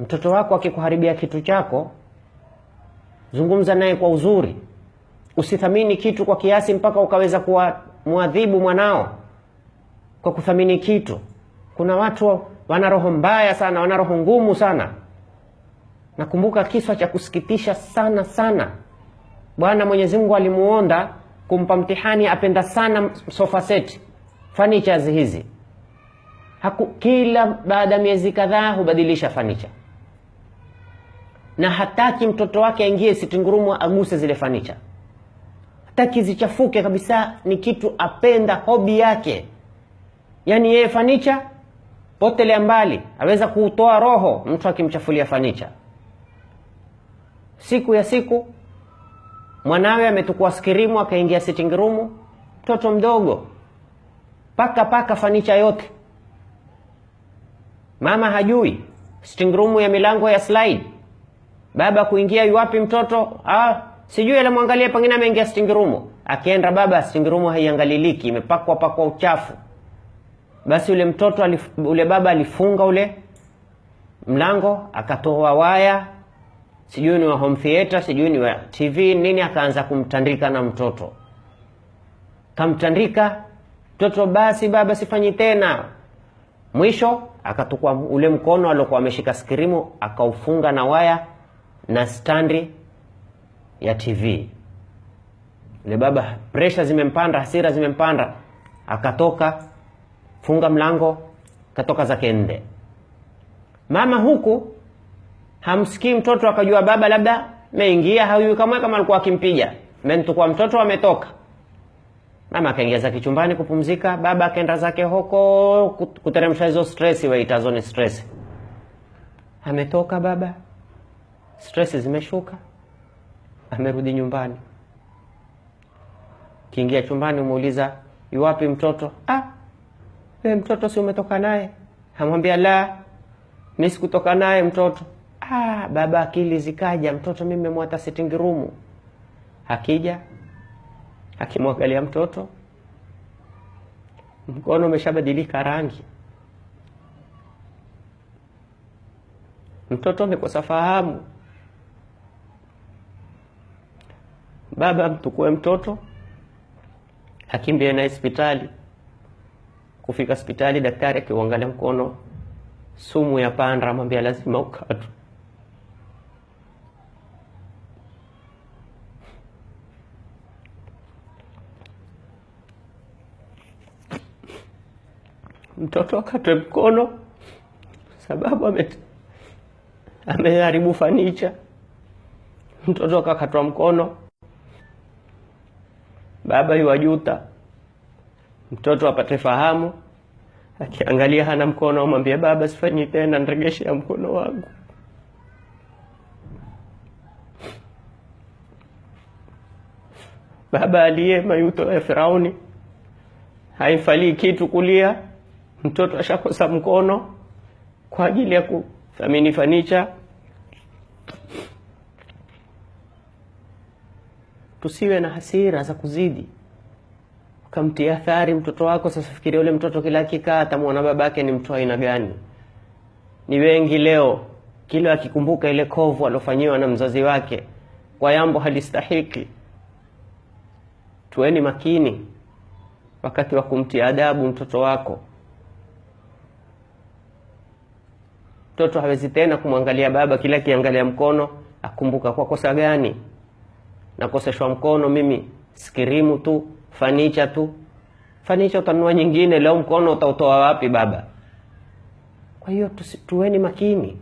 Mtoto wako akikuharibia kitu chako, zungumza naye kwa uzuri. Usithamini kitu kwa kiasi mpaka ukaweza muadhibu mwanao kwa kuthamini kitu. Kuna watu wana roho mbaya sana, wana roho ngumu sana. Nakumbuka kiswa cha kusikitisha sana sana. Bwana Mwenyezi Mungu alimuonda kumpa mtihani, apenda sana sofa seti furnitures hizi Haku, kila baada ya miezi kadhaa hubadilisha fanicha na hataki mtoto wake aingie sitingurumu aguse zile fanicha hataki zichafuke kabisa ni kitu apenda hobi yake yaani yeye fanicha potelea mbali aweza kutoa roho mtu akimchafulia fanicha siku ya siku mwanawe ametukua skirimu akaingia sitingirumu mtoto mdogo paka paka fanicha yote mama hajui stingrumu ya milango ya slide baba kuingia yuwapi mtoto? Ah, sijui alimwangalia, pengine ameingia stingirumo. Akienda baba, stingirumo haiangaliliki, imepakwa pakwa uchafu. Basi ule mtoto alif, ule baba alifunga ule mlango, akatoa waya, sijui ni wa home theater, sijui ni wa TV nini, akaanza kumtandika na mtoto, kamtandika mtoto. Basi baba, sifanyi tena. Mwisho akatukua ule mkono aliokuwa ameshika skrimu akaufunga na waya na standi ya TV. Yule baba presha zimempanda, hasira zimempanda, akatoka funga mlango, katoka zake nde. Mama huku hamsikii mtoto, akajua baba labda meingia, hajui kama kama alikuwa akimpiga mentukua mtoto ametoka. Mama akaingia zake chumbani kupumzika, baba akaenda zake huko kuteremsha hizo stress, waitazo ni stress. Ametoka baba stress zimeshuka, amerudi nyumbani. Kiingia chumbani, muuliza yuwapi mtoto? Ah, we mtoto si umetoka naye? Amwambia la, mi sikutoka naye mtoto. Ah, baba akili zikaja, mtoto mi memwata sitting room. Akija akimwangalia mtoto, mkono umeshabadilika rangi, mtoto amekosa fahamu. baba mtukue mtoto akimbie naye hospitali. Kufika hospitali, daktari akiuangalia mkono, sumu ya panda, amwambia lazima ukatu Mtoto akatwe mkono sababu ame ameharibu fanicha. Mtoto akakatwa mkono baba yuwajuta, mtoto apate fahamu, akiangalia hana mkono amwambia baba, sifanyi tena, ya mkono wangu. Baba aliye mayuto ya Firauni haimfalii kitu kulia, mtoto ashakosa mkono kwa ajili ya kuthamini fanicha. tusiwe na hasira za kuzidi ukamtia athari mtoto wako. Sasa fikiria ule mtoto kila akikaa atamwona babake ni mtu aina gani. Ni wengi leo, kila akikumbuka ile kovu aliofanyiwa na mzazi wake kwa yambo halistahiki. Tuweni makini wakati wa kumtia adabu mtoto wako. Mtoto hawezi tena kumwangalia baba, kila akiangalia mkono akumbuka kwa kosa gani nakoseshwa mkono mimi, skirimu tu, fanicha tu. Fanicha utanua nyingine, leo mkono utautoa wapi baba? Kwa hiyo tuweni makini.